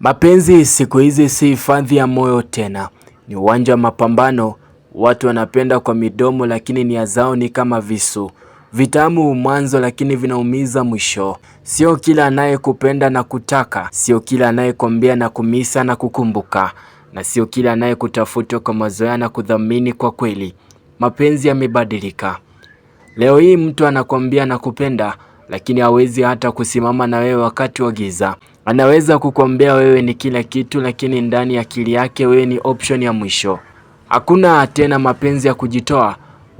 Mapenzi siku hizi si hifadhi ya moyo tena, ni uwanja wa mapambano. Watu wanapenda kwa midomo, lakini nia zao ni kama visu vitamu mwanzo, lakini vinaumiza mwisho. Sio kila anayekupenda na kutaka, sio kila anayekwambia na kumisa na kukumbuka, na sio kila anayekutafuta kwa mazoea na kudhamini kwa kweli. Mapenzi yamebadilika. Leo hii mtu anakwambia nakupenda, lakini hawezi hata kusimama na wewe wakati wa giza. Anaweza kukuambia wewe ni kila kitu, lakini ndani ya akili yake wewe ni option ya mwisho. Hakuna tena mapenzi ya kujitoa.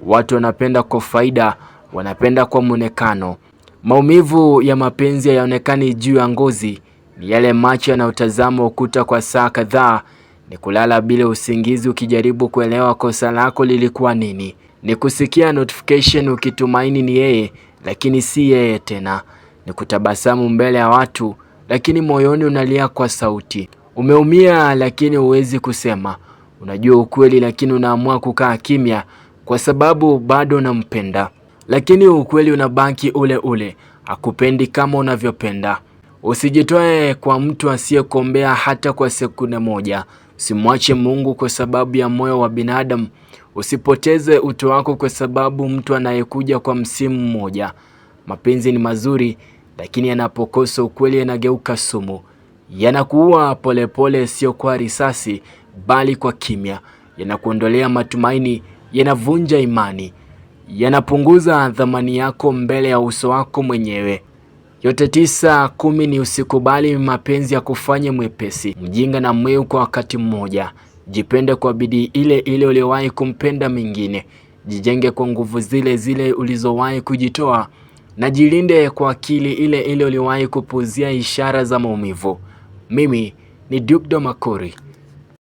Watu wanapenda kwa faida, wanapenda kwa mwonekano. Maumivu ya mapenzi hayaonekani juu ya ngozi, ni yale macho yanayotazama ukuta kwa saa kadhaa, ni kulala bila usingizi ukijaribu kuelewa kosa lako lilikuwa nini, ni kusikia notification ukitumaini ni yeye lakini si yeye tena, ni kutabasamu mbele ya watu, lakini moyoni unalia kwa sauti. Umeumia lakini huwezi kusema. Unajua ukweli, lakini unaamua kukaa kimya kwa sababu bado unampenda, lakini ukweli unabaki ule ule, hakupendi kama unavyopenda. Usijitoe kwa mtu asiyekombea hata kwa sekunde moja. Simwache Mungu kwa sababu ya moyo wa binadamu. Usipoteze utu wako kwa sababu mtu anayekuja kwa msimu mmoja. Mapenzi ni mazuri, lakini yanapokosa ukweli yanageuka sumu, yanakuua polepole, sio kwa risasi, bali kwa kimya. Yanakuondolea matumaini, yanavunja imani, yanapunguza thamani yako mbele ya uso wako mwenyewe. Yote tisa kumi ni usikubali mapenzi ya kufanya mwepesi, mjinga na mweu kwa wakati mmoja. Jipende kwa bidii ile ile uliyowahi kumpenda mwingine. Jijenge kwa nguvu zile zile ulizowahi kujitoa, na jilinde kwa akili ile ile uliyowahi kupuuzia ishara za maumivu. Mimi ni Dukdo Makuri.